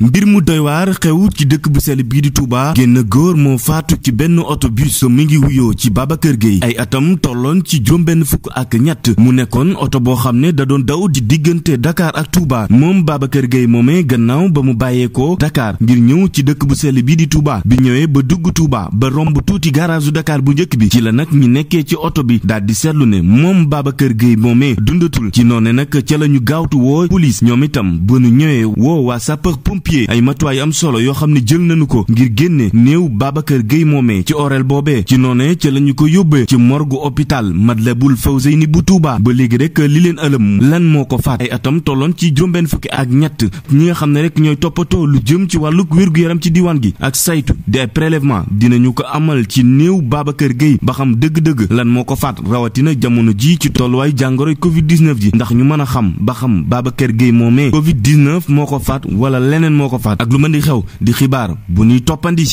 mbir mu doy xew ci dëkk bu sell bii di Touba génn góor moo faatu ci benn oto autobus mi ngi wuyoo ci kër Gueye ay atam tolloon ci juróom-benn fukk ak ñett mu nekkoon oto boo xam ne da doon daw di diggante dakaar ak Touba moom Babacar Gueye moomee gannaaw ba mu bàyyeekoo dakaar ngir ñëw ci dëkk bu sell bii di Touba bi ñëwee ba dugg Touba ba romb tuuti garage Dakar bu njëkk bi ci la nag ñi nekkee ci oto bi daal di seetlu ne moom Babacar Gueye moomee dundatul ci noone nag ca la ñu gaawtu woo ñoom itam ba ñu sappier ay matuwaay am solo yoo xam ne jël nañu ko ngir génne néew Babacar Gueye moomee ci orel boobee ci noone ca la ko yóbbee ci morgu hôpital Matlaboul Fawzeyni bu Touba ba léegi rek li leen ëlëm lan moo ko faat ay atam tolloon ci juróom-benn fukki ak ñett ñi xam ne rek ñooy toppatoo lu jëm ci wàlluk wér-gu-yaram ci diwaan gi ak saytu di ay prélèvement dinañu ko amal ci néew kër Gueye ba xam dëgg-dëgg lan moo ko faat rawatina jamono ji ci tolluwaay jàngoroy covid 19 ji moo ko faat ak lu mën di xew di xibaar bu ñuy toppandi